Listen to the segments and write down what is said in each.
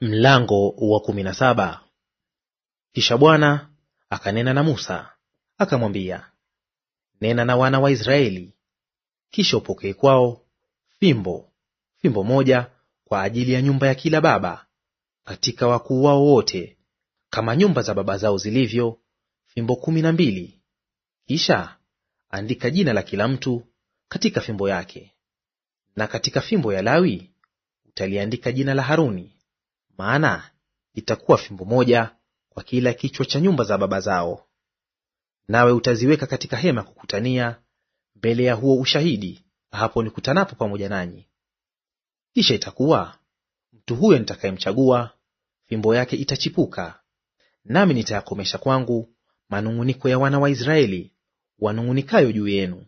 Mlango wa kumi na saba. Kisha Bwana akanena na Musa akamwambia, nena na wana wa Israeli, kisha upokee kwao fimbo, fimbo moja kwa ajili ya nyumba ya kila baba katika wakuu wao wote, kama nyumba za baba zao zilivyo, fimbo kumi na mbili. Kisha andika jina la kila mtu katika fimbo yake, na katika fimbo ya Lawi utaliandika jina la Haruni maana itakuwa fimbo moja kwa kila kichwa cha nyumba za baba zao. Nawe utaziweka katika hema ya kukutania mbele ya huo ushahidi, hapo nikutanapo pamoja nanyi. Kisha itakuwa mtu huyo nitakayemchagua, fimbo yake itachipuka, nami nitayakomesha kwangu manung'uniko ya wana wa Israeli wanung'unikayo juu yenu.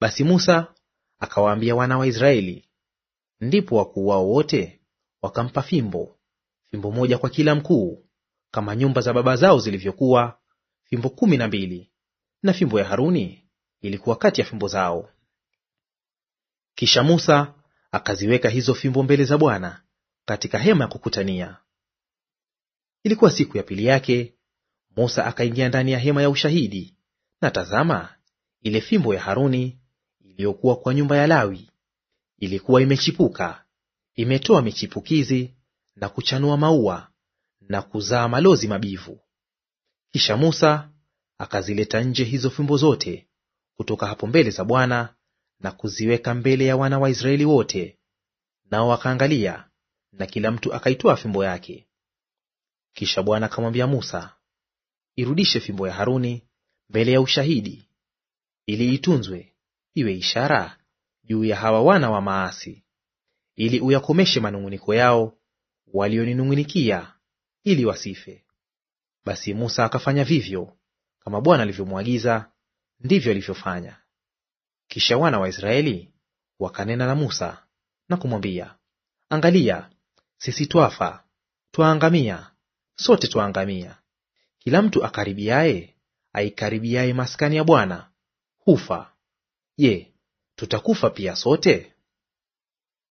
Basi Musa akawaambia wana wa Israeli, ndipo wakuu wao wote wakampa fimbo, fimbo moja kwa kila mkuu, kama nyumba za baba zao zilivyokuwa, fimbo kumi na mbili. Na fimbo ya Haruni ilikuwa kati ya fimbo zao. Kisha Musa akaziweka hizo fimbo mbele za Bwana katika hema ya kukutania. Ilikuwa siku ya pili yake, Musa akaingia ndani ya hema ya ushahidi, na tazama, ile fimbo ya Haruni iliyokuwa kwa nyumba ya Lawi ilikuwa imechipuka Imetoa michipukizi na kuchanua maua na kuzaa malozi mabivu. Kisha Musa akazileta nje hizo fimbo zote kutoka hapo mbele za Bwana na kuziweka mbele ya wana wa Israeli wote, nao wakaangalia, na kila mtu akaitoa fimbo yake. Kisha Bwana akamwambia Musa, irudishe fimbo ya Haruni mbele ya ushahidi, ili itunzwe iwe ishara juu ya hawa wana wa maasi ili uyakomeshe manung'uniko yao walioninung'unikia, ili wasife. Basi Musa akafanya vivyo kama Bwana alivyomwagiza, ndivyo alivyofanya. Kisha wana wa Israeli wakanena na Musa na kumwambia, angalia, sisi twafa, twaangamia, sote twaangamia. Kila mtu akaribiaye aikaribiaye maskani ya Bwana hufa. Je, tutakufa pia sote?